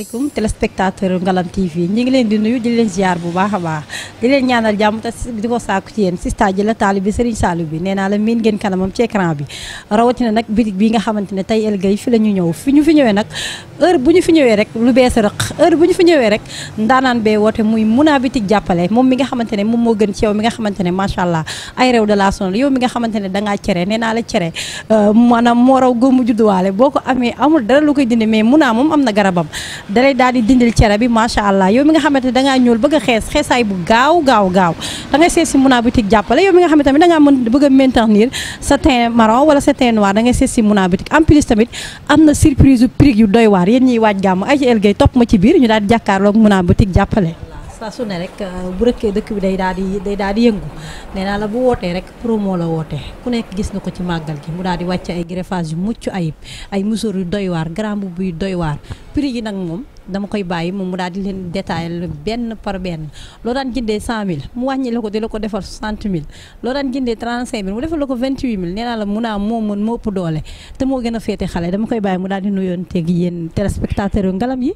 asalaamaaleykum téléspectateur Ngalam TV ñi ngi leen di nuyu di leen ziar bu baax a baax di leen ñaanal jàmm te di ko sàkku ci yéen si stade la taali bi Serigne Saliou bi nee naa la miin ngeen kanamam ci écran bi rawatina nag bi nga xamante ne tey El Gueye fi la ñu ñëw fi ñu fi ñëwee nag heure bu ñu fi ñëwee rek lu bee bees rëq heure bu ñu fi ñëwee rek ndaanaan bee woote muy a bitig jàppale moom mi nga xamante ne moom moo gën ci yow mi nga xamante ne macha allah ay réew de la sonal yow mi nga xamante ne dangaa cere nee naa la euh, maanaam moo raw góomu judduwaale boo ko amee amul dara lu koy dindi mais Mouna moom am na garabam dalay daal di dindil cere bi macha allah yow mi nga xamante ne dangaa ñuul bëgg a xees xeesaay bu gaaw gaaw gaaw da ngay seet si Mouna Boutique jàppale yow mi nga xamante ne dangaa mën bëgg a maintenir sa wala sa teint noir da ngay seet si Mouna Boutique en plus tamit am na surprise yu prix yu doy waar yéen ñiy waaj gàmm ay ci El Gueye topp ma ci biir ñu daal di jàkkaarloog Mouna Boutique jàppale saa su ne rek uh, bu rekkee dëkk bi day daal di day daal di yëngu nee naa la bu wootee rek moo la wootee ku nekk gis na ko ci màggal gi mu daal di wàcc ay greffage yu mucc ayib ay musóor yu doywaar waar grand mbubb yu doy waar prix yi nag moom dama koy bàyyi moom mu daal di len detail ben par ben lo dan jinde 100000 mu wàññi la ko di lako defal 60000 lo dan jinde 35000 mu defal lako 28000 neena la mun naa moo mën moo doole te mo gëna fété xalé dama koy bàyyi mu daal di nuyonté ak yeen téléspectateurs yu ngalam yi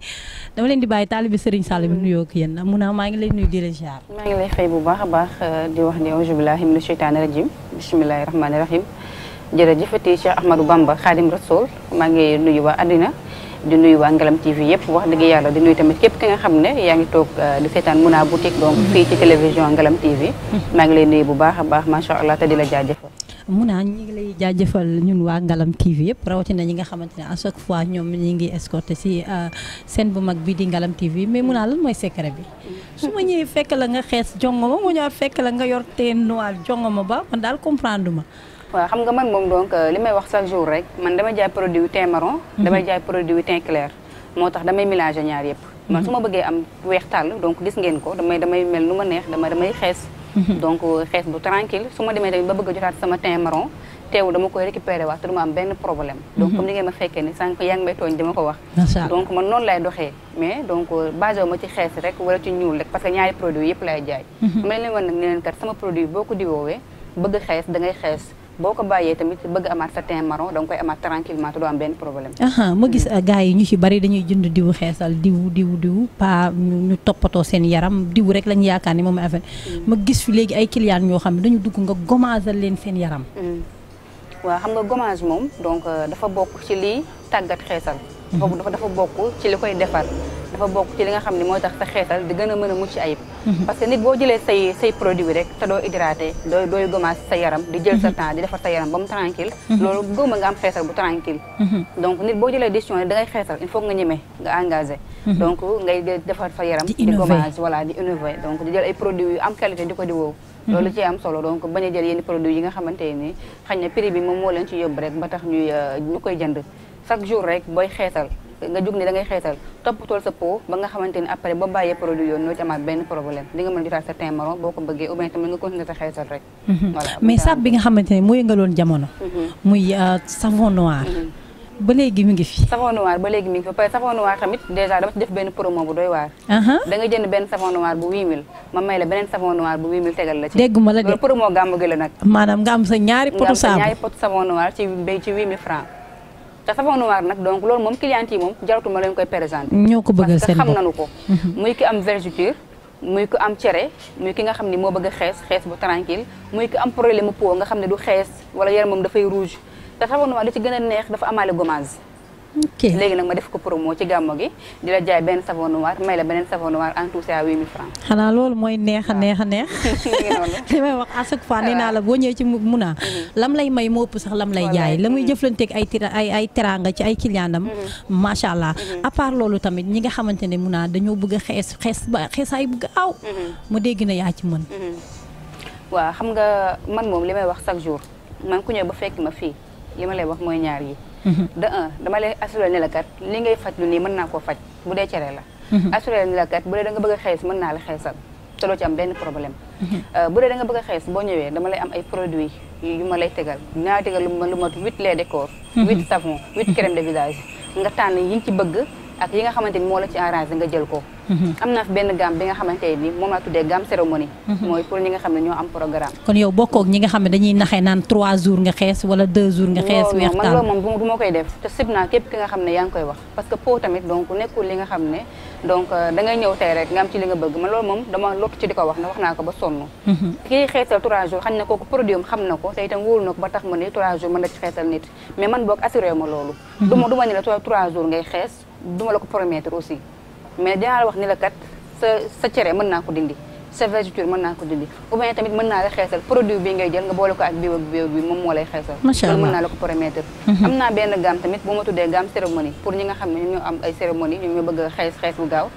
dama len di bàyyi taalibi Serigne salim nuyo ak yeen mun naa ngi lay nuy di jaar. ma ngi lay xey bu baax baax euh, di wax ni billahi shaitani rajim bismillahir rahmanir rahim jërëjëfati Cheikh Ahmadou Bamba Khadim Rasoul ma ngi nuyu wa adina di nuyu waa Ngalam TV yëpp wax dëgg yàlla di nuyu tamit képp ki nga xam ne yaa ngi toog euh, di seetaan Mouna Boutique donc mm-hmm. fii ci télévision Ngalam TV mm-hmm. maa ngi lay nuyu bu baax a baax macha allah te di la jaajëfal Mouna ñi ngi lay jaajëfal ñun waa Ngalam TV yëpp rawatina ñi nga xamante ne à chaque fois ñoom ñi ngi escorté si euh, scène bu mag bi di Ngalam TV mais Mouna lan mooy secret bi su ma ñëwee fekk la nga xees jongo ma ñëwaat fekk la nga yor te noir jongoma ba man daal comprendre ma waaw xam nga man moom donc euh, li may wax chaque jour rek man damay jaay produit teint marron. Mhm. damay jaay produit teint clair. damay mélanger ñaar yëpp. man mhm. su ma bëggee am weex ko damay damay mel nu ma neex dama damay mhm. euh, xees. bu tranquille su ma demee tamit ba a jotaat sama teint marron teewul dama ni ngeen ma fekkee man noonu lay doxee. mais donc euh, basé ma ci xees rek wala ci ñuul rek parce que ñaari produit yëpp lay jaay. ma leen wan ne leen kat sama produit boo ko di bëgg xees da xees. boo ko bàyyee tamit bëgg amaat sa teint marron da nga koy amaat tranquillement te doo am benn problème. ma gis mm. gars yi ñu ci bari dañuy jënd diwu xeesal diwu diw diwu pas ñu toppatoo seen yaram diw rek lañu yaakaar ni moom ay affaire mm. ma gis fi léegi ay clients ñoo xam ne dañu dugg nga gommage leen seen yaram. Mm. waa xam nga gommage moom donc euh, dafa bokk ci liy tàggat xeesal. Mm-hmm. boobu dafa dafa bokk ci li koy defar. dafa bokk ci li nga xam ne mooy tax sa xeetal di gën a mën a mucc ayib mhm. parce que nit boo jëlee say say produit rek te doo hydraté doo dooy gommage sa yaram di jël sa mhm. temps di defar sa yaram ba mu tranquille mhm. loolu gëwma nga am xeetal bu tranquille donc nit boo jëlee décision da ngay xeetal il faut nga ñemee nga engagé donc ngay defar sa yaram di gommage voilà di innover donc di jël ay produit yu am qualité di ko di loolu ci am solo donc bañ a jël yenn produits yi nga xamante ni xañ na prix bi moom moo leen ci rek ba tax ñuy euh, ñu koy jënd chaque jour rek booy xeetal nga jug ne da ngay xeetal toppatool sa peau ba nga xamante ni après ba bàyyee noo ci benn problème di nga mën a jotaat sa boo ko bëggee tamit nga continuer sa ne mooy yëngaloon jamono mhm. muy euh, mhm. ci def benn promo bu doy waar. Uh-huh. da nga benn savon noir bu 8000 ma may la beneen savon noir bu 8000 tegal la ci. dégguma la la nag. maanaam nga sa ñaari potu saabu ñaari potu savon noir ci bay ci francs te savon noir nag donc loolu moom client yi moom jaratuma leen koy présenter. ñoo ko bëggal seen bopp parce que ko. Mhm. muy ki am vergeture muy ko am cere muy ki nga xam ni moo bëgg a xees xees bu tranquille muy ki am problème mu po nga xam ne du xees wala moom dafay rouge te savon noir li ci gën a neex dafa amaale gommage. léegi nag ma def ko promo ci gàmmo gi di la jaay benn savon noir may la beneen savon noir en tout c'est à 8000 francs xanaa loolu mooy neex a neex a neex li may wax à chaque fois naa la boo ñëwee ci Muna mhm. lam lay may moo ëpp sax lam lay jaay la muy mhm. jëflanteek ay ay ay teraanga ci ay clientam mhm. macha allah à loolu tamit ñi nga xamante ne Muna dañoo bëgg a xees xees ba xeesaay bu gaaw ma dégg na yaa ci mën waaw xam nga man moom li may wax chaque jour man ku ba fekk ma fii li ma lay wax mooy ñaar yi de un ah, dama lay assuré ne la kat li ngay faj lu nii mën naa koo faj bu dee cere la mhm. assuré ne la kat bu dee da nga bëgg a xees mën la xeesal te doo ci am benn problème mhm. ah, bu dee da nga bëgg a xees boo dama lay am ay produits yu ma lay tegal naa tegal lu ma lu mat huit lait de corps mhm. huit savon huit crème de visage nga tànn yi nga ci bëgg ak yi nga xamante ni la ci arrangé nga jël ko am naa fi benn gamme bi nga xamante ne moom laa tuddee gamme cérémonie. Mhm. mooy pour ñi nga xam ne am programme. kon yow bokkook ñi nga xam ne dañuy naxee naan 3 jours nga xees wala 2 jours nga xees. weex tàll loolu moom du ma koy def te sib euh, am ci li nga bëgg man loolu moom dama lott ci di ko wax ne wax mhm. na ko te itam na ko ba tax ma ne 3 jours mën na ci xeesal nit mais man boog duma mhm. la ko promettre aussi mais dinaa la wax ni la kat sa cere mën naa ko dindi sa vergeture mën naa ko dindi ou bien tamit mën naa la xeesal produit bi ngay jël nga boole ko ak bii ak bii ak bii moom moo lay xeesal loolu mën naa la ko mhm. ne ñoom ñoo am ay cérémonie ñoom ñoo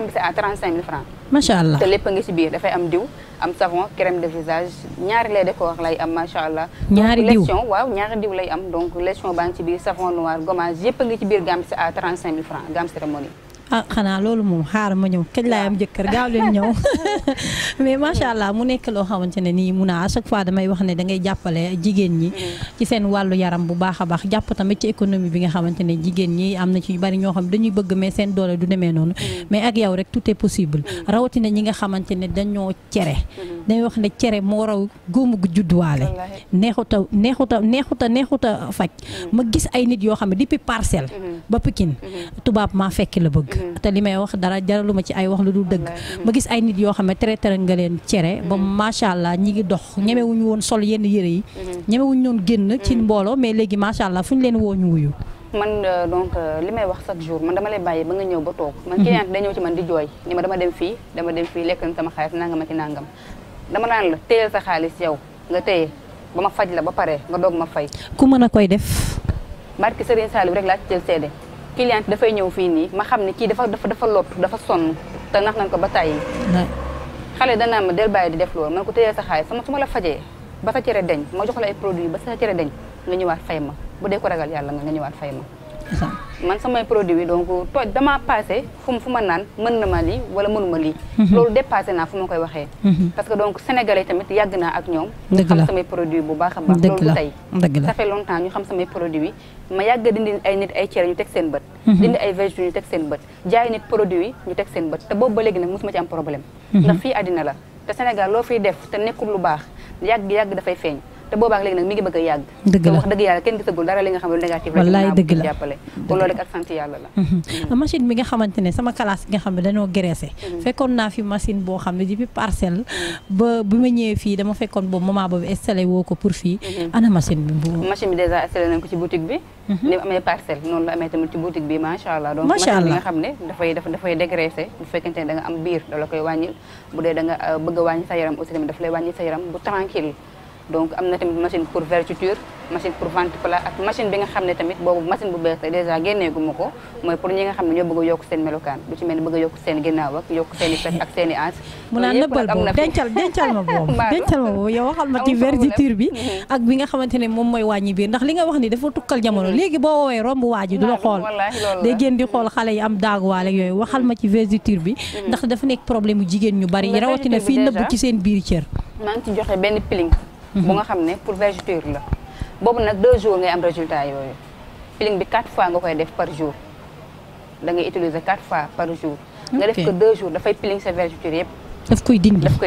a mhm. allah te lépp a ngi ci biir dafay am diw am savon crème de visage ñaari lait de corps lay am macha allah. ñaari diw lay am donc lotion baa ngi ci biir savon noir gommage yëpp ngi ci biir gamme bi c'est à 35 000 francs gamme cérémonie ah xanaa loolu moom xaar ma ñëw kañ laa am jëkkër gaaw leen ñëw mais macha allah mu nekk loo xamante ne nii mun a à chaque fois damay wax ne da ngay jàppale jigéen ñi ci seen wàllu yaram bu baax a baax jàpp tamit ci économie bi nga xamante ne jigéen ñi am na ci bari ñoo xam dañuy bëgg mais seen doole du demee noonu mm. mais ak yow rek tout est mm. rawatina ñi nga xamante ne dañoo cere mm-hmm. dañuy wax ne cere moo raw góomu gu judduwaale neexuta neexuta neexuta neexuta faj mm. ma gis ay nit yoo xam ne depuis parcelle mm-hmm. ba Pikine mm-hmm. tubaab maa fekk la bëgg Mm-hmm. te li may wax dara jaralu ma ci ay wax lu dul dëgg ma gis ay nit yoo xam ne tere traité nga leen cere mm-hmm. ba macha allah ñi ngi dox ñemewuñu woon sol yenn yëre yi mm-hmm. ñemewuñu woon génn ci mbooloo mais léegi macha allah fu ñu leen woo ñu wuyu man euh, donc euh, li may wax chaque jour man dama lay bàyyi ba nga ñëw ba toog man client ci man di jooy ni ma dama dem fii dama dem fii lekk na sama xaalis nangam ak nangam dama naan la téyel sa xaalis yow nga téye ba ma faj la ba pare nga doog ma fay ku mën a koy def barki Serigne Saliou rek laa ci jël client fay ñew fi ni ma xamni ki dafa dafa dafa lott dafa son te nax nañ ko ba xalé da na ma del bàyyi di def loolu man ko teye sa xay sama suma la faje ba sa cere deñ ma jox la ay produit ba sa cere deñ nga ñewat fay ma bu de ko ragal yalla nga ñewat fay ma man samay produit yi donc toj damaa passé fu fu ma naan mën na ma lii wala mënuma lii mhm. loolu dépassé naa fu koy waxee mhm. parce que donc sénégalais tamit yàgg naa ak ñoom xam samay produit bu baax a baax loolu du tey ça fait longtemps ñu xam samay produit yi ma yàgg dindi ay nit ay cere ñu teg seen bët mhm. dindi ay végétaux ñu teg seen bët jaay nit produit yi ñu teg seen bët te boobu ba léegi nag mosuma ci am problème ndax fii àddina la te Sénégal loo te boobaak léegi nag mi ngi bëgg a yàgg dëgg la wax dëgg yàlla kenn gisagul dara li nga xam ne lu négatif wallaay mhm. mm. ah, nga xamante ne sama classe bi nga xam ne dañoo graissé mm. fekkoon naa fi machine boo xam ne depuis parcelle mm. ba bi ma fii dama fekkoon boobu moment boobu installé woo ko pour fii mm-hmm. ana machine bi bu machine bi déjà installé nañ ko ci bi mhm. ni amee parcelle noonu la amee tamit ci boutique bi macha ne dafay daf bu fekkente ne da am biir da la koy wàññil bu dee da nga euh, bëgg a wàññi sa yaram aussi tamit daf lay wàññi yaram bu tranquille donc am na tamit machine pour vergeture machine pour vente ak machine bi nga xam ne tamit boobu machine bu bees la dèjà génneegu ma ko mooy pour ñi nga xam ne ñoo bëgg a yokk seen melokaan lu ci mel ni bëgg a yokk seen ginnaaw ak yokk seen i fet ak seen i ans mu naan nëbbal boobu dencal dencal ma boobu ma boobu yow waxal ma ci vergeture bi mhm. ak bi nga xamante ne moom mooy wàññi biir ndax li nga wax ni dafa tukkal jamono mhm. léegi boo woowee romb waa ji du la xool day génn di xool xale yi am daaguwaale ak yooyu waxal ma ci vergeture bi mhm. ndax dafa nekk problème yu jigéen ñu bari rawatina fii ci seen biir cër maa ngi ci joxe benn piling bu nga xam ne pour vergeture la boobu nag deux jours ngay am résultat yooyu peeling bi quatre fois nga koy def par jour da ngay utiliser quatre fois par jour nga def ko deux jours dafay peeling sa vergeture yëpp daf koy dindi daf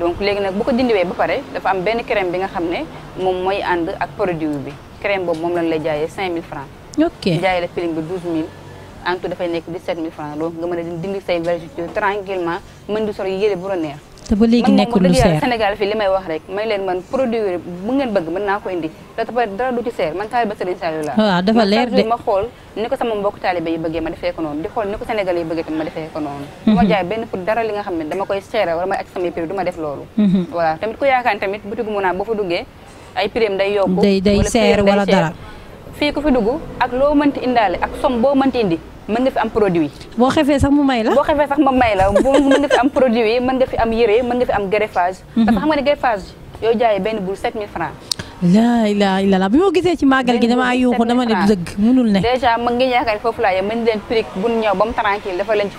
donc léegi nag boo ko dindiwee ba pare dafa am benn crème bi nga xam ne moom mooy ànd ak produit bi crème boobu moom lañ lay jaayee cinq mille francs ok jaayee la peeling bi en tout dafay nek 17000 francs donc nga meuna dindi say vergetures tranquillement meun di sol yele bu ronex te bo legui nekkul lu cher senegal fi limay wax rek may len man produire bu ngeen beug mën naa ko indi da tax dara du ci cher man tay ba Serigne sallu la wa ah, dafa leer de ma xol niko sama mbok talibe yi bëggee ma defé ko non di xol niko senegal yi bëggee tam ma defé ko non mhm. du ma jaay benn pour dara li nga xamné dama koy cher wala may ak sama prix duma def lolu mhm. voilà tamit ku yakane tamit boutique mu naa boo fa duggee ay prix day yokku day day cher wala dara fi ko fi dugg ak lo mënti indale ak som bo mënti indi mën nga fi am produit. boo xefee sax mu may la. boo xefee sax mu may la mën nga fi am produit mën nga fi am yére mën nga fi am greffage. dafa mhm. xam nga ne greffage yoo jaayee benn boule 7000 francs laa ilaaha illallaah bi ma gisee ci màggal gi damaa yuuxu dama ne dëgg mënul ne dèjà ma ngi yaakaar foofu laa yem mën leen prix bu ñu ñëw ba mu tranquille dafa leen ci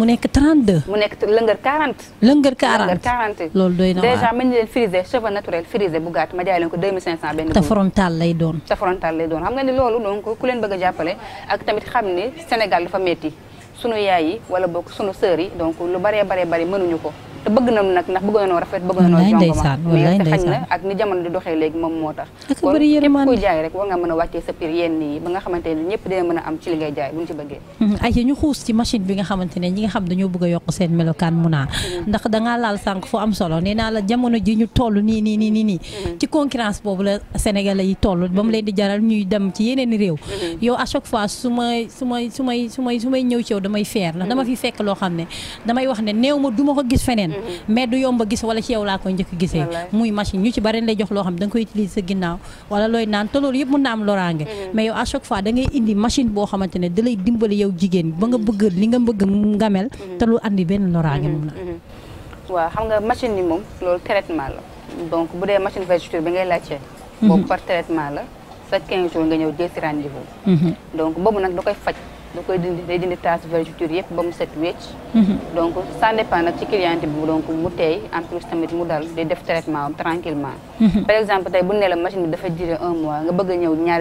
mu nekk 32 mu nekk lëngër 40 lëngër 40 ma jaay leen ko 2500 benn frontal lay doon te loolu donc ku a jàppale ak tamit dafa metti sunu yaay yi wala boog sunu sœur yi donc lu baree baree bari ñu ko te bëgg nañu nag ndax bëgg nañoo rafet bëgg nañoo jongoma mais te xañ na ak ni jamono di doxee léegi moom moo tax kon képp kuy jaay rek war nga a wàccee nga xamante ne mm-hmm. ñu bi nga xamante ne ñi nga xam dañoo bëgg a yokk seen melokaan mu naa mm-hmm. ndax dangaa laal sànq fu am solo nee naa la jamono ji ñu toll nii nii nii nii nii mm-hmm. ci concurrence boobu la Sénégalais yi toll ba mu leen di jaral ñuy dem ci yeneen réew yow à chaque fois su may su may su may su may su may ñëw ci yow damay feer ndax dama fi fekk loo xam ne damay wax ne néew ma du ma ko gis feneen leneen mm-hmm. mais du yomb a gis wala ci yow laa koy njëkk gisee muy machine ñu ci bari na jox loo xam da koy utiliser sa ginnaaw wala looy naan te loolu yëpp mën na am loraange mm-hmm. mais yow à chaque fois da ngay indi machine boo xamante ne da lay dimbali yow jigéen ba nga bëgg li nga bëgg nga mel mm-hmm. te lu andi benn loraange moom na waaw xam nga machine ni moom loolu traitement la donc bu dee machine vergeture bi ngay laajte boobu par traitement la chaque 15 nga ñëw jël si rendez-vous donc boobu nag da koy faj da mhm. mhm. dafa duré un ah, loolu day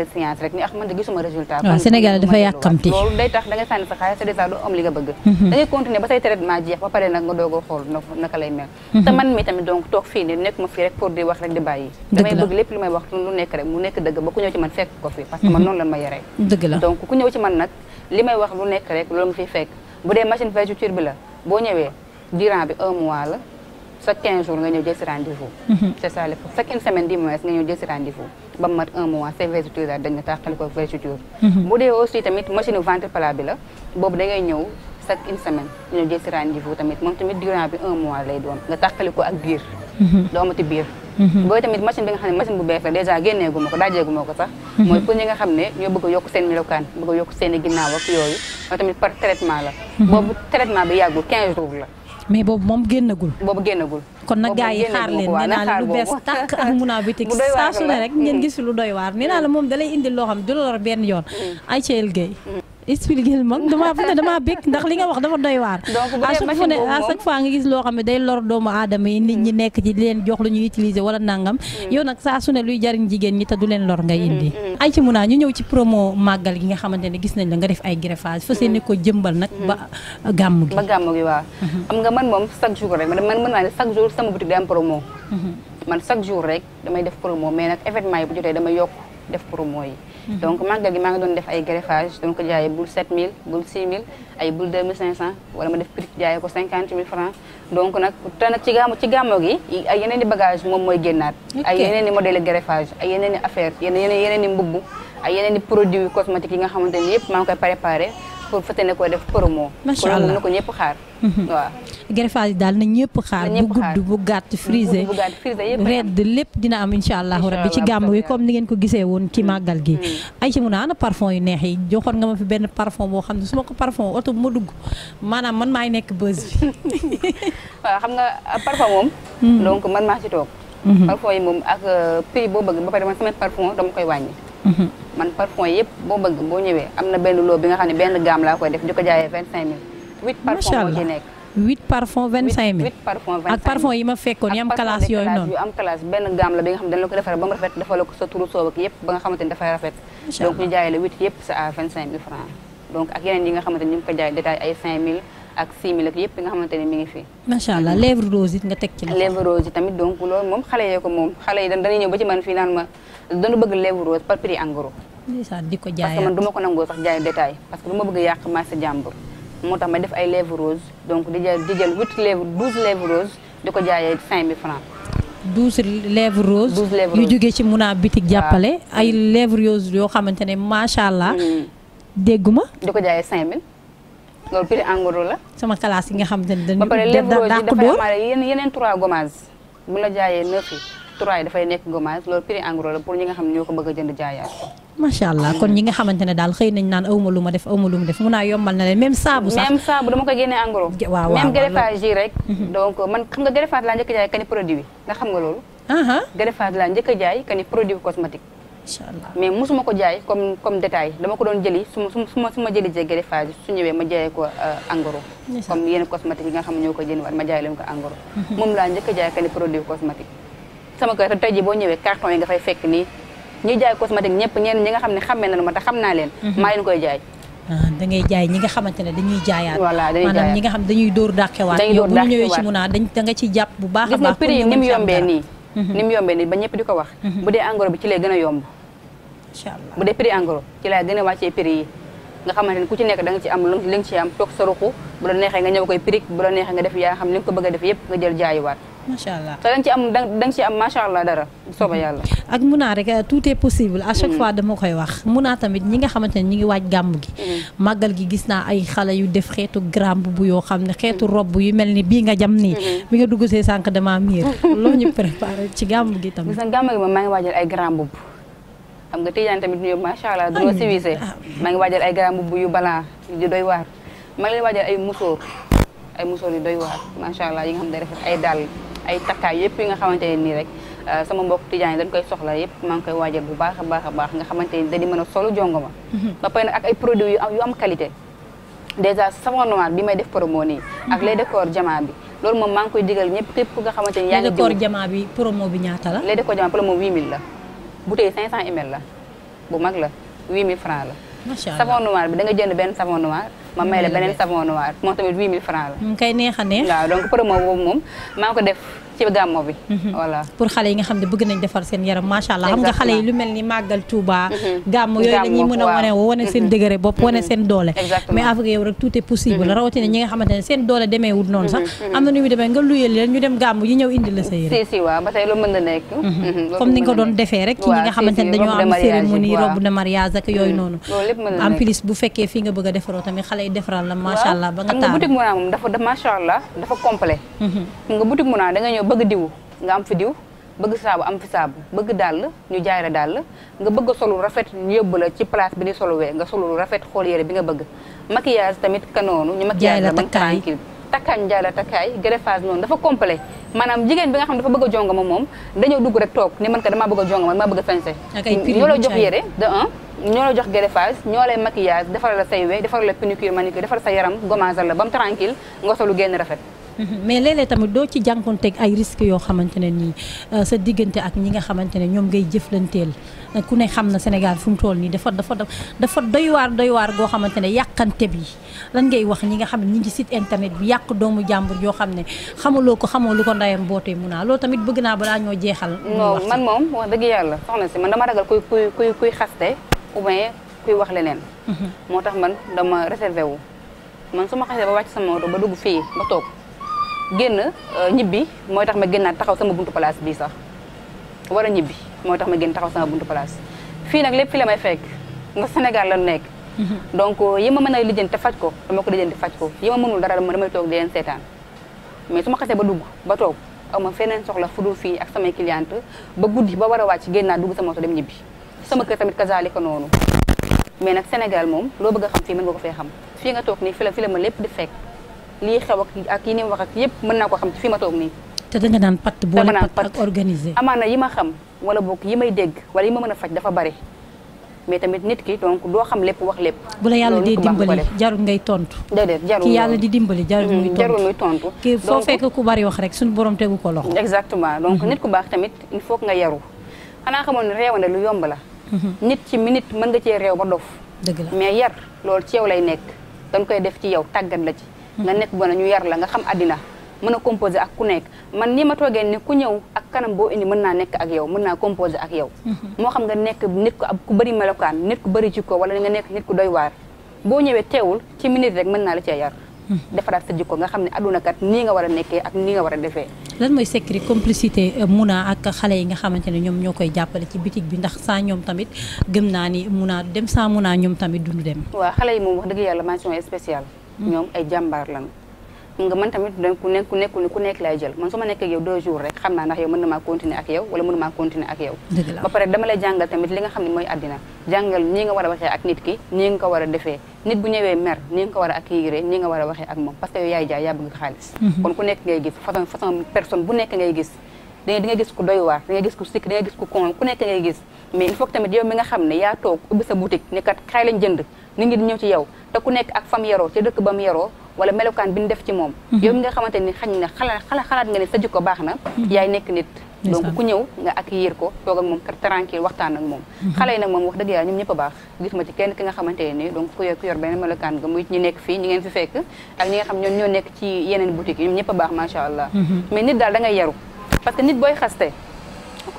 tax da sànni sa xaalis c'est déjà doo am li nga bëgg mhm. da ngay ba say traitement jeex ba pare nag nga doog xool naka lay mel te man mi tamit donc toog fii ne nekk ma fii rek pour di wax di bàyyi damay bëgg lépp li may wax lu nekk rek mu nekk dëgg ba ku ñëw ci man fekk ko fii parce que man noonu lan ma yaree dëgg ku ñëw ci man nag li may wax lu nekk rek loolu ma fiy fekk bu dee machine vacuture bi la boo ñëwee durant bi un mois la chaque 15 jours nga ñëw jël si rendez-vous. Mhm. c' ça le chaque une semaine dimanche nga ñëw jël si rendez-vous ba mu mat un mois c'est vergeture daal dañ nga tàqali ko vergeture. Mhm. bu dee aussi tamit machine ventre plat bi la boobu da ngay ñëw chaque une semaine nga ñëw jël si rendez-vous tamit moom tamit durant bi un mois lay doon nga tàqali ko ak biir. Mhm. doo biir. Mm-hmm. booy tamit machine bi nga xam ne mm-hmm. a yokk seen melokaan a yokk seen i ginnaaw ak yooyu mooy tamit par traitement la mm-hmm. boobu traitement bi yàggul 15 jours la mais boobu moom génnagul boobu génnagul kon nag gars yi xaar leen nee naa la lu bees tàkk ak Mouna Boutique saa su ne rek ngeen gis lu doy waar nee naa la moom dalay indil loo xam du benn yoon ay Thiel Gueye expliquer man damaa fu ne damaa békk ndax li nga wax dafa doy waar à chaque fois ne nga gis loo xam ne day lor doomu aadama yi nit ñi nekk ci di leen jox lu ñu utiliser wala nangam hmm. yow nag saa su ne luy jariñ jigéen ñi te du leen lor nga hmm, indi hmm. ay ci mun naa ñu ñëw ci promo màggal gi nga xamante ne gis nañ la nga def ay greffage fa seen ne ko jëmbal nag ba gàmmu gi ba gàmmu gi waaw am nga man moom chaque jour rek man mën naa jour sama boutique day am promo man chaque jour rek damay def promo mais nag événement yokk def promo yi mhm. donc màggal gi maa ngi doon def ay greffage doon ko jaayee bul 7000 bul 6000 ay bul 2500 wala ma def prix jaayee ko 50000 francs donc nag te nag ci gàmmu ci gàmmu gi ay yeneen i bagage moom mooy génnaat ay yeneen i modèle greffage ay yeneen i affaire yeneen yeneen i mbubb ay yeneen i produits cosmétiques yi nga xamante ni yëpp maa ngi koy préparé pour fëte ne ko def promo. macha allah na ko ñëpp xaar. Mhm. waaw. yi daal na ñëpp xaar. bu gudd bu gàtt frisé. bu lépp dina am incha allah rabbi ci gàmm wi comme ni ngeen ko gisee woon ci mm. màggal gi. Mm. ay ci mun a ana parfum yu neex yi joxoon nga ma fi benn parfum boo xam ne su ma ko parfum oto bu ma dugg maanaam man maay nekk bës bi. xam nga ah, parfum moom. Mm. donc man maa ci toog. Mhm. parfum yi moom euh, boo bëgg ba pare man sama parfum dama koy wàññi. Mhm. man parfum yëpp boo bëgg boo ñëwee am na benn loo bi nga xam ne benn gaam laa koy def di ko jaayee vingt cinq mille huit parfum vingt cinq mille ak parfum yi ma fekkoon yi am classe yooyu noonu yu am classe benn gaam la bi nga xam ne dañ la ko defaree la ko sa turu soob ak yëpp ba ni dafay ko jaay ay cinq mille ak 6000 nga xamante ne mi ngi fi. macha allah lèvre rose it nga teg ci la. rose tamit donc loolu moom xale yee ko moom xale yi dañuy ñëw ba ci man fii naan ma dañu bëgg lèvre rose par ndeysaan di ko jaayaat parce que man du ko nangoo sax jaay détail parce que du ma bëgg a yàq marché jàmbur moo tax may def ay lèvres roses donc di jël di jël huit lèvres douze lèvres roses di ko jaayee cinq mille francs douze lèvres roses yu jógee ci mun a bitik jàppale ay lèvres roses yoo xamante ne macha allah mm. dégguma di ko jaayee cinq mil loolu prix en la sama classe yi nga xamante ne dañu ba pare lèvres roses yi dafay amaale yeneen trois gommages bu la jaayee neuf yi trois yi dafay nekk gommage loolu prix en gros la pour ñi nga xam ne ñoo ko bëgg a jënd jaayaat macha kon ñi nga xamantene dal xey nañ naan awmu luma def awmu luma def mun naa yombal na leen même saabu sax même saabu dama ko gëné en gros même greffage yi rek mhm. donc man xam nga greffage la ñëk jaay kani produit bi nga xam nga lolu aha greffage la ñëk jaay kani produit bi cosmétique inchallah mais musuma ko jaay comme comme détail dama ko don jëli suma suma jëli jé greffage su ñëwé ma jaay ko euh, en gros comme yene cosmétique nga xam ne ñoo ko jënd war ma jaay leen ko en gros mhm. moom laa njëkk jaay kani produit cosmétique sama ko tey ji boo ñëwee carton yi nga fay fekk ni ñi jaay cosmétique ñepp ñeen ñi nga xam xamé nañu ma ta xamna leen mhm. ma leen koy jaay ah, da ngay jaay ñi nga xamantene dañuy jaayaat manam ñi nga xam dañuy dóor dàkkewaat yow bu ñëwé ci muna dañ ta nga ci japp bu baax baax ñu nga prix yi ni mu yombé mhm. ni ba ñepp diko wax mhm. bu dé engrais bi ci lay gëna yomb inshallah bu dé prix engrais ci lay gën wacce prix yi nga xamantene ku ci nekk da nga ci am lu nga ci am tok soroxu bu la nexé nga ñëw koy prix bu la nexé nga def ya xam li nga ko bëgg def yépp nga jël jaay waat macha allah te da nga ci am da nga am macha allah dara sooba yàlla. Mm-hmm. ak naa rek euh, tout est possible. à chaque mm-hmm. fois dama koy wax. Muna tamit ñi nga xamante ne ñu ngi waaj gàmm gi. Mm-hmm. màggal gi gis naa ay xale yu def xeetu grand bu yoo xam ne xeetu rob yu mel ni bii nga jam nii. bi nga dugg see sànq damaa miir loo ñu préparé ci gàmm gi tamit. gis nga gàmm gi moom maa ngi waajal ay grand bu xam nga tijaan tamit ñoom macha allah ah. maa ngi waajal ay grand bu yu balaa yu doy waar maa ngi leen waajal ay musóor ay musóor yu doy waar macha allah nga ay dàll ay takkaay yëpp yi nga xamante ne nii rek euh, sama mbokk tijaan yi dañ soxla yëpp maa koy waajal bu baax a baax a baax nga xamante ni dañu mën a solu jongo ma mhm. ba pare nag ak ay produits yu am yu am qualité savon noir bi may def promo nii ak les mhm. décor jamaa bi loolu moom maa ngi koy digal ni yaa ngi jamaa bi promo la les décor jamaa promo 8000 la bouteille 500 ml la bu mag la 8000 francs la savon noir bi jënd benn savon noir ma may la beneen savon noir moom tamit 8000 francs la. Mm, kay neex a neex. waaw donc promo moom maa ko def. ci gàmmo bi mhm. pour xale yi nga xam ne bëgg nañ defar seen yaram macha allah xam nga xale yi lu mel ni màggal Touba mhm. gàmmo yooyu la mën a wane woo wane seen mhm. dëgëre bopp wane seen doole mais avec ko yooyu noonu en plus bu fekkee fii nga bëgg a defaroo tamit xale yi defaral la macha allah ba nga taal boutique allah dafa complet nga boutique Mouna da nga ñëw bëgg diw nga am fi diw bëgg saabu am fi saabu bëgg dal ñu jaay la dal nga bëgg solo rafet ñu yóbbu la ci place bi ni wé nga solo rafet xol yéré bi nga bëgg maquillage tamit ka noonu ñu maquillage la takay kii jaay la takkaay greffage non dafa complet manam jigen bi nga xam dafa bëgg jonga mom mom dañu dugg rek tok ni man ka dama bëgg jonga jongama damaa bëgg a ñu la jox yéré de 1 ñu la jox greffage ñoo lay maquillage defal la say wé defal la pédicure manucure defal sa yaram gommage la bam tranquille nga solo génn rafet mais léeg-léeg tamit doo ci jànkoonteeg ay risques yoo xamante ne nii euh, sa diggante ak ñi nga xamante ne ñoom ngay jëflanteel euh, ku ne xam na Sénégal fu mu toll nii dafa dafa dafa doy doy waar goo xamante ne yàqante bi lan ngay wax ñi nga xam ne ñi ngi site internet bi yàq doomu jàmbur yoo xam ne xamuloo ko xamoo lu ko ndayam bootee mun naa loolu tamit bëgg naa balaa ñoo jeexal. non man moom wax dëgg yàlla soxna si man dama ragal kuy kuy kuy kuy xaste ou bien kuy wax leneen. Mhm. moo tax man dama réservé wu man su ma xasee ba wàcc sama moto ba dugg fii ba génn euh, ñibbi mooy tax ma génnaat taxaw sama buntu place bii sax war a ñibbi mooy tax ma génn taxaw sama buntu place fii nag lépp fi la may fekk nga Sénégal la nekk. donc euh, yi ma mën a lijjanti faj ko dama ko lijjanti faj ko yi ma mënul dara dama damay toog di mais su ma xasee ba dugg ba toog aw ma feneen soxla fu dul fii ak samay cliente ba guddi ba war a wàcc génnaat dugg sama oto dem ñibbi sama kër tamit kazaalika noonu mais nag Sénégal moom loo bëgg a xam fee xam fii nga toog nii fi la fi ma lépp di fekk. lii xew ak ak yi ni wax ak yëpp mën naa ko xam ci fi ma toog nii te danga naan pat boole pat ak organisé amaana yi ma xam wala boog yi may dégg wala yi ma mën a faj dafa bari mais tamit nit ki donc doo xam lépp wax lépp bu la yàlla dee dimbali jarul ngay tontu déedéet jarul ki yàlla di dimbali jarul muy hmm, tontu jarul muy tontu ki foo fekk ku bari wax rek suñu borom tegu ko loxo exactement donc hmm. nit ku baax tamit il faut nga yaru xanaa xamoon ne réewande lu yomb la hmm. nit ci minute mën nga cee reew ba dof dëgg la mais yar loolu ci yow lay nekk dañ koy def ci yow tàggat la ci nga nekk bona ñu yar la nga xam àddina mën a composé ak ku nekk man nii ma toogee ne ku ñëw ak kanam boo indi mën naa nekk ak yow mën naa composé ak yow mhm. moo xam nga nekk nit ku ku bëri melokaan nit ku bëri jikko wala nga nekk nit ku doy boo ñëwee teewul ci minute rek mën naa la cee yar mhm. defaraat sa jikko nga xam ne aduna kat nii nga war nekkee ak nii nga war a defee lan mooy secret complicité euh, Mouna ak xale yi nga xamante ne ñoom ñoo koy jàppale ci bitig bi ndax saa ñoom tamit gëm naa ni Mouna dem saa Mouna ñoom tamit dund dem waaw xale yi moom wax dëgg yàlla mention spéciale ñoom ay jàmbaar lañu nga man tamit ku nekk ku nekk ku nekk lay jël man su ma nekk ak deux jours rek xam naa ndax yow mën na maa continuer ak yow ba pare dama lay jàngal tamit li nga xam ne mooy àddina jàngal nii nga war a waxee ak nit ki nii nga ko war a defee nit bu ñëwee mer nii nga ko war a accueillir nii nga war a waxee ak moom parce que yow jaay yaa bëgg xaalis mhm. kon ku nekk ngay gis façon personne bu nekk ngay gis da nga gis ku doy war nga gis ku sik nga gis ku kon ku nek nga gis mais il faut que tamit yow mi nga xamne ya tok ubi sa boutique ne kat xay lañ jënd ni ngi ñew ci yow ta ku nek ak fam yero ci dëkk ba mu yaroo wala melokan biñ def ci mom mhm. yow mi nga xamanteni ni xañ na xala xalaat nga ni sa jikko baxna mhm. yaay nek nit donc ku ñew nga ak yir ko tok ak mom kat tranquille waxtaan ak mom mhm. xalé nak mom wax dëgg ya ñoom ñëpp baax gis ma ci kenn ki nga xamanteni donc ku yor ku yor benn melokan nga muy ñi nek fi ñi ngeen fi fekk ak ñi nga xam ñoom ñoo nek ci yeneen boutique yi ñoom ñëpp a baax macha allah mais nit dal da ngay yaru parce que nit booy xaste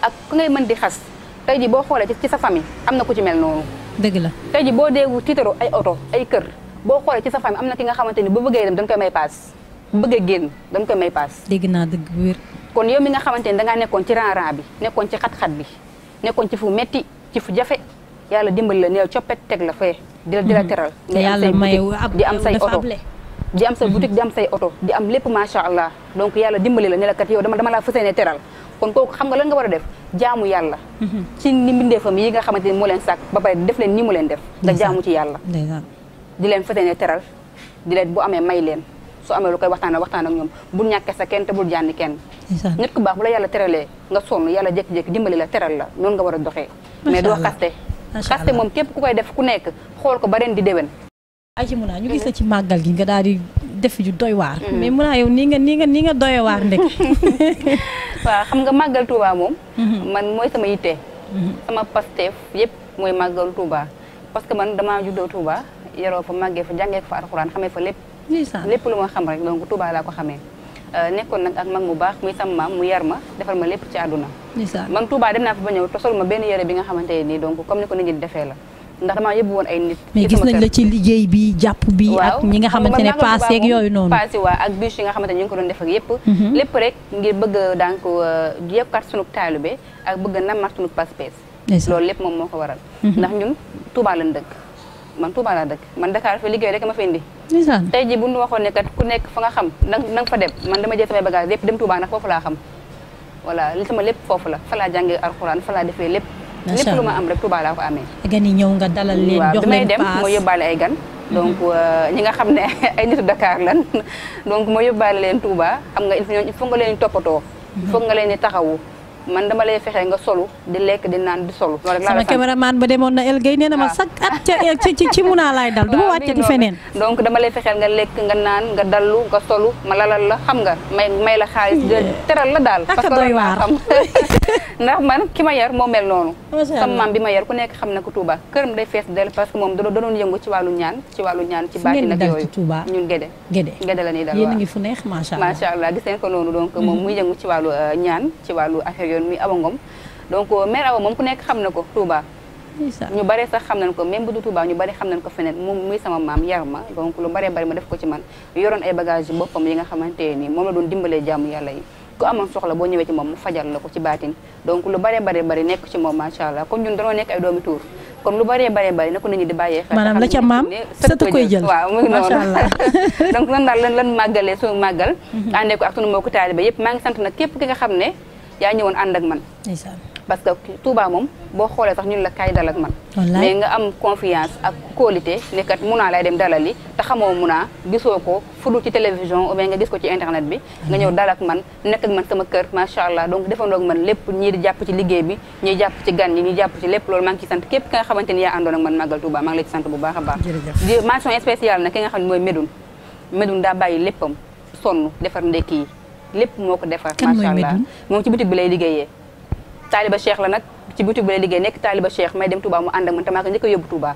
ak ku ngay mën di xas tey ji boo xoolee ci sa famille am na ku ci mel noonu. dëgg la tey ji boo deewu tiitaro ay oto ay kër boo xoolee ci sa famille am na ki nga xamante ni bu bëggee dem danga koy may paas bëgg a génn dañ koy may paas. dégg naa dëgg wér. kon yow mi nga xamante ni dangaa nekkoon ci ran bi nekkoon ci xat-xat bi nekkoon ci fu metti ci fu jafe yàlla dimbali la ne coppet teg la fee. di la di la teral. Mm-hmm. nga am say di am say oto di am sa mhm. boutique di am say oto di am lépp macha allah donc yàlla dimbali la ne la kat yow dama dama laa fësee ne teral kon kooku xam nga lan nga war a def jaamu yàlla mhm. ci ni mbindeefam yi nga xamante ni moo leen sàkk ba pare def leen ni mu leen def nga jaamu ci yàlla leen fësee ne teral di leen bu amee may leen su amee lu koy waxtaan ak waxtaan ak ñoom bul ñàkkee sa kenn te bul jànni kenn nit baax bu la yàlla teralee nga sonn yàlla jékki-jékki dimbali la teral la noonu nga war a doxee mais doo xaste moom képp ku koy def ku nekk xool ko ba ren di déwén aji mun naa ñu gis la mm-hmm. ci màggal gi nga daal di def ju doy waar mm-hmm. mais mun naa yow nii nga nii nga nii nga doy waar ndek waaw xam nga màggal Touba moom mm-hmm. man mooy sama yitte sama pasteef yëpp mooy màggal Touba parce que man damaa juddoo Touba yaroo fa màggee fa jàngee fa alxuraan xamee fa lépp lépp lu ma xam rek donc Touba laa ko xamee euh, nekkoon nag ak mag mu baax muy sama maam mu yar ma defal ma lépp ci àdduna man Touba dem naa fa ba ñëw te sol ma benn yére bi nga xamante nii donc comme ni ko defee la ndax damaa yóbbu woon ay nit. mais gis nañ la ci liggéey bi jàpp bi. ak ñi nga xamante ne passé ak yooyu noonu. passé waa ak bûche yi nga xamante ne ñu ngi ko doon def ak yëpp. Mhm. lépp rek ngir bëgg donc euh, yokkaat sunu taalibe ak bëgg a namaat sunu pas-pas. lépp moom moo ko waral. Mhm. ndax ñun Touba la dëkk man Touba laa dëkk man Dakar fi liggéey rek ma fi indi. tey jii bu ñu waxoon ne kat ku nekk fa nga xam na nga fa dem man dama jël samay bagage yëpp dem Touba nag foofu laa xam voilà li sama lépp foofu la fa laa jàngee alxuraan fa laa defee lépp lépp lu ma am rek Touba la ko amee. gan yi ñëw nga dalal leen jox leen paas waaw moo yóbbaale ay gan. donc mhm. euh, ñi nga xam ne ay nitu Dakar lan donc moo yóbbaale leen Touba xam nga il faut nga leen toppatoo. il faut mhm. nga leen taxawu. man dama lay fexé nga solo di lek di nan di solo lolé la sama cameraman ba demoon na El Gueye nee ma sak at ca eh, ci ci muna lay dal duma waccé wàccati fenen donc dama lay fexé nga lek nga nan nga dalu nga solo ma lalal la xam nga may may la xaliss de teral la dal parce que ma xam ndax man ki ma yar mo mel nonu sama mam bima yar ku nek xam na ko Touba këram day fess del parce que mom da doon yëngu ci walu ñaan ci walu ñaan ci baati nag yooyu ñun gédé gédé gédé la ni dal yeen ngi fu neex sha allah sha allah gis nga ko nonu donc mom muy yëngu ci walu euh, ñaan ci walu affaire yoon muy Awa Ngom donc euh, maire Awa moom ku nekk xam na ko Touba. ñu bare sax xam nañ ko même bu du ñu bare xam nañ ko feneen muy sama maam yar ma donc yi nga xamante ni moom la doon dimbalee jàmm yàlla yi ku amoon soxla boo la ko ci baatin donc lu baree bari bari nekk ci moom macha ay doomi tuur comme lu baree baree bari na ko di bàyyee xel maanaam la ca maam sëtu koy jël waaw mu ngi noonu donc lan daal lan lan màggalee màggal mhm. àndee ko ak suñu mbokku taalibe yépp maa ngi sant nag képp ki nga xam ne yaa ñëwoon ànd ak man parce que Touba moom boo xoolee sax ñun la kaay dal ak man mais nga am confiance ak qualité ne kat lay dem dalali te xamoo Mouna gisoo ko fudul ci télévision ou bien nga gis ko ci internet bi nga ñëw dal man nekk ak man sama kër macha allah donc defandoo ak man lépp ñii di jàpp ci liggéey bi ñuy jàpp ci gan yi ñuy jàpp ci lépp lool maa ngi sant képp ki nga xamante ni yaa àndoon ak man màggal Touba maa ngi la ci sant bu baax a baax mention spéciale na ki nga xam ne mooy Médoune Médoune daa yi lépp moo ko defar macha allah moom ci boutique bi lay liggéeyee taaliba cheikh la nag ci boutique bi lay liggéey nekk taaliba cheikh may dem Touba mu ànd ak man ko njëkk a yóbbu Touba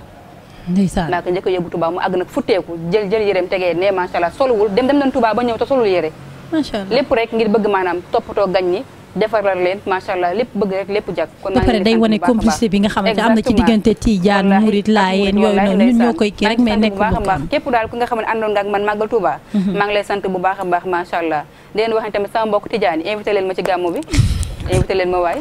ndeysaan maa ko njëkk a yóbbu mu àgg nag futteeku jël jël yéreem tegee ne macha allah soluwul dem dem nañ Touba ba ñëw te solul yére macha lépp rek ngir bëgg maanaam toppatoo gañ ni defaral leen macha allah lépp bëgg rek lépp jag. kon maa ngi day wane complicité bi nga xamante am na ci diggante Tijaan Murit Laayeen yooyu noonu ñun ñoo koy kii rek mais nekk bu baax képp daal ku nga xam ne àndoon nga ak man màggal Touba. Mhm. maa ngi lay sant bu baax a baax macha allah. di leen wax ne tamit sama mbokk Tijaan yi invité leen ma ci gàmmu bi invité leen ma waay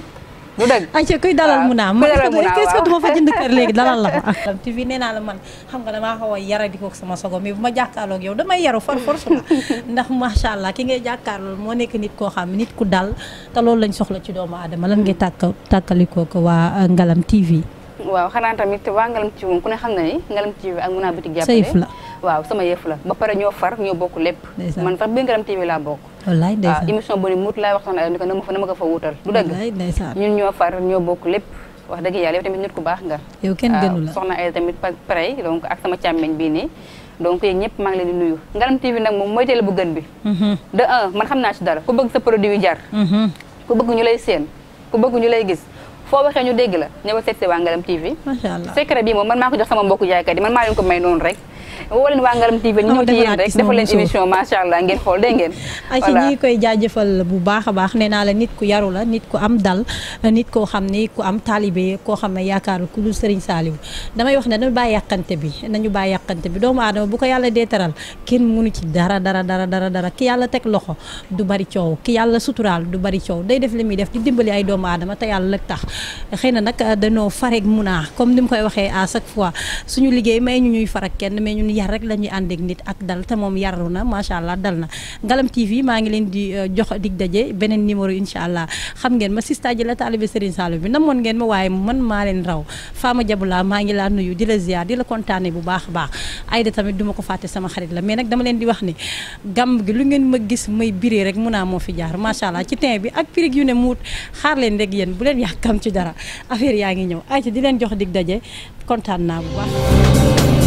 bu dëgg ayca kuy dalal ah, mun naa. kuy dalal mun naa waaw duma fa jënd kër léegi dalal la fa. Lam TV nee naa la man xam nga damaa xaw a yara di koog sama sogo mais bu ma jàkkaarloog yow damay yaru for force la ndax macha allah ki ngay jàkkaarlool moo nekk nit koo xam nit ku dal te loolu lañ soxla ci doomu aadama lan ngay tàkk tàkkalikoo ko waa euh, Ngalam TV. waaw xanaa tamit wa ngalam ci moom ku ne xam na ni ngalam ci ak muna a bitik jappale waaw sama yef la ba pare ñoo far ñoo bokku lepp man sax bi ngalam TV laa bokk wallaay ndeysaan émission bo ni mut la waxtan ay ndika ko fa na ko fa wutal du dëgg ñun ñoo far ñoo bokku lepp wax dëgg yàlla yow tamit nit ku baax nga yow kenn gënu la soxna ay tamit pare donc ak sama chamagne bi ni donc yeen ñëpp ma ngi leen di nuyu ngalam TV nak moom moy télé bu gën bi mm-hmm. de un man xam naa ci dara ku bëgg sa produit jar mm-hmm. ku bëgg ñu lay seen ku bëgg ñu lay gis foo waxee ñu dégg la ñëw seet si Wangalam TV. macha allah secret bi moom man maa ko jox sama mbokku jaaykat yi man maa leen ko may noonu rek. woo leen waa Ngalam TV ñu ñëw ah, ci yéen rek defal leen émission macha allah ngeen xool dégg ngeen voilà ci ñi koy jaajëfal bu baax a baax nee naa la nit ku yaru la nit ku am dal nit koo xam ne ku am taalibe koo xam ne yaakaaru ku dul Serigne Saliou damay wax ne dañu bàyyi yàqante bi nañu bàyyi yàqante bi doomu aadama bu ko yàlla dee teral kenn mënu ci dara dara dara dara dara ki yàlla teg loxo du bari coow ki yàlla suturaal du bari coow day def li muy def ñun yar rek lañuy ñuy ak nit ak dal te mom yaruna ma sha allah dal na ngalam tv ma ngi leen di euh, jox dig dajé benen numéro incha allah xam ngeen ma sista ji la talibé Serigne sallu bi namoon ngeen ma waye man ma leen raw fama jabula ma ngi la nuyu di la ziar di la kontaane bu baax a baax ayda tamit duma ko faté sama xarit la mais nak dama leen di wax ni gam gi lu ngeen ma gis may biré rek muna mo fi jaar sha allah ci teint bi ak prix yu ne muut xaar leen rek yeen bu leen yakam ci dara affaire ya ngi ñew ay ci di leen jox dig dajé kontaan na bu baax